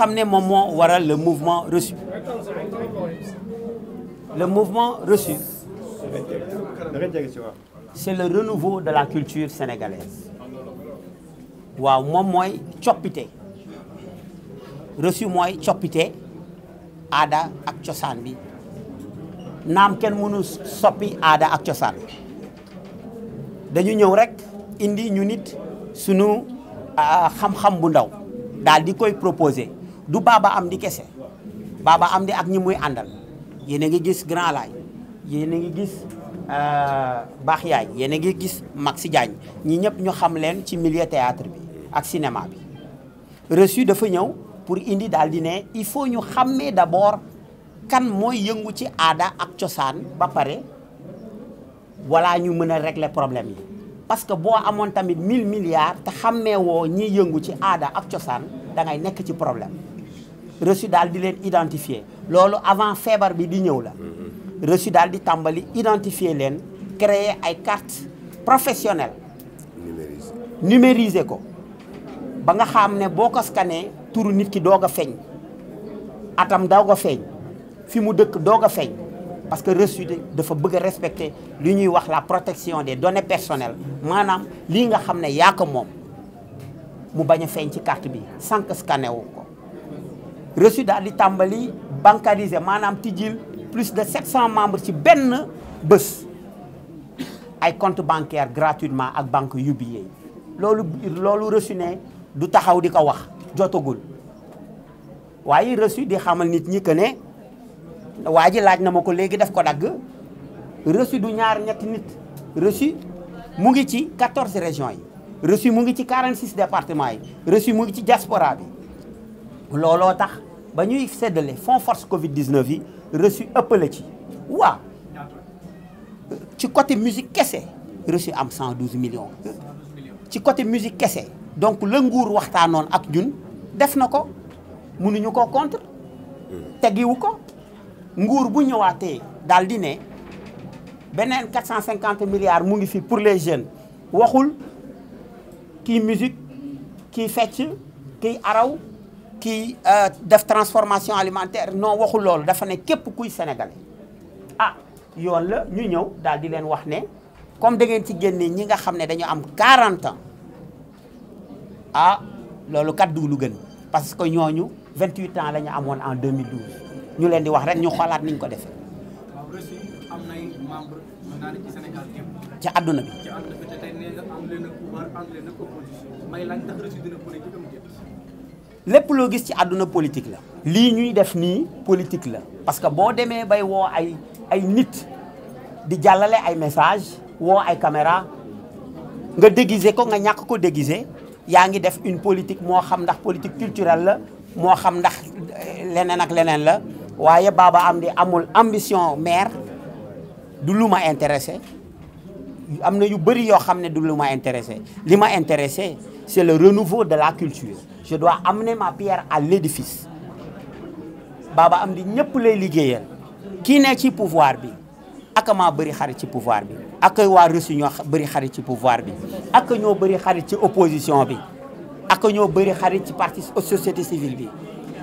xam ne moom moo waral le mouvement reçu le mouvement reçu c'est le renouveau de la culture sénégalaise waaw moom mooy coppite reçu mooy coppite aada ak cosaan bi naam kenn mënu soppi aada ak cosaan dañu ñëw rek indi ñu nit sunu ah, xam-xam bu ndaw daal di koy proposé du baaba am di kese baaba am di ak ñi muy àndal yéen a ngi gis grand laay yéen a ngi gis euh, baax yaay yéen a ngi gis Maxi Diagne ñi ñëpp ñu xam leen ci milieu théâtre bi ak cinéma bi reçu dafa ñëw pour indi daal di ne il faut ñu xàmmee d'abord kan mooy yëngu ci aada ak cosaan ba pare wala ñu mën a régler problème yi parce que boo amoon tamit mille milliards te xàmmee woo yëngu ci aada ak cosaan da nekk ci problème reçu daal di leen identifier loolu avant feebar bi di ñëw la mm-hmm. reçu daal di tàmbali identifier leen créer ay carte professionnelle numériser ko ba nga xam ne boo ko scanné turu nit ki doog a feeñ atam doog a feeñ fi mu dëkk doog a feeñ parce que reçu dafa bëgg a respecter li ñuy wax la protection des données personnelles maanaam lii nga xam ne yaa ko moom mu bañ a feeñ ci carte bi sànq scanné wu ko reçu daal di tàmbali bancarisé maanaam tijjil plus de 700 membres ci benn bës ay compte bancaire gratuitement ak banque UBA loolu loolu reçu ne du taxaw di ko wax jotagul waaye reçu di xamal nit ñi que ne waa ji laaj na ma ko léegi def ko dagg reçu du ñaar ñetti nit reçu mu ngi ci 14 régions yi reçu mu ngi ci 46 départements yi reçu mu ngi ci diaspora bi looloo tax ba ñuy seddale fonds force Covid 19 yi reçu ëppale ci waa ci côté musique kese reçu am 112 millions. ci côté musique kese donc la nguur waxtaanoon ak ñun def na ko mënuñu ko contre. tegiwu ko nguur bu ñëwaatee daal di ne beneen 450 milliards mu ngi fi pour les jeunes waxul kii musique kii fecc kii araw. kii euh, def transformation alimentaire noo waxul loolu dafa ne képp kuy sénégalais a ah, yoon la ñu ñëw daal di leen wax ne comme da ngeen ci génne ñi nga xam ne dañu am 40 ans a ah, loolu kat du lu gën parce que ñooñu 28 ans la ñu amoon en 2012 ñu leen di wax rek ñu xoolaat niñ ko defee. àdduna bi. lépp loo gis ci àdduna politique la. lii ñuy def nii politique la parce que boo demee bay woo ay ay nit di jàllale ay message woo ay caméra nga déguisé ko nga ñàkk ko déguisé yaa ngi def une politique moo xam ndax politique culturelle la moo xam ndax eh, leneen ak leneen la waaye Baba Hamdy amul ambition maire du lu ma intéressé am na yu bëri yoo xam ne du lu ma intéressé li ma intéressé c'est le renouveau de la culture je dois amener ma pierre à l'édifice Baba am di ñëpp lay liggéeyal kii ne ci pouvoir bi ak maa bari xarit ci pouvoir bi ak waa reçu ñoo bëri xarit ci pouvoir bi ak ñoo bëri xarit ci opposition bi ak ñoo bëri xarit ci parti société civile bi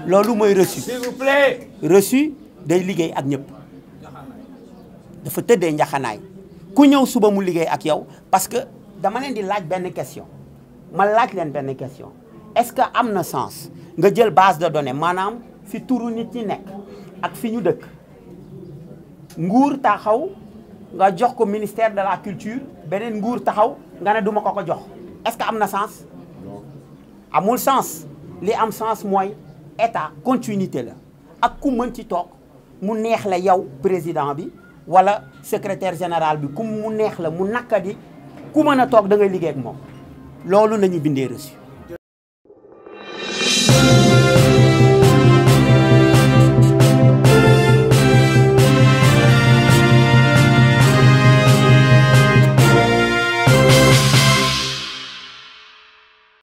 loolu mooy reçu s'il day liggéey ak ñëpp dafa tëddee njaxanaay ku ñëw suba mu liggéey ak yow parce que dama leen di laaj benn question ma laaj leen benn question est-ce que am na sens nga jël base de données maanaam fi turu nit ñi nekk ak fi ñu dëkk nguur taxaw nga jox ko ministère de la culture beneen nguur taxaw nga ne duma ko ko jox est-ce que am na sens amul sens li am sens mooy état continuité la ak ku mën ci toog mu neex la yow président bi wala secretaire général bi ku mu neex la mu nakka di ku mën a toog da ngay liggéey ak moom loolu nañu bindee reçu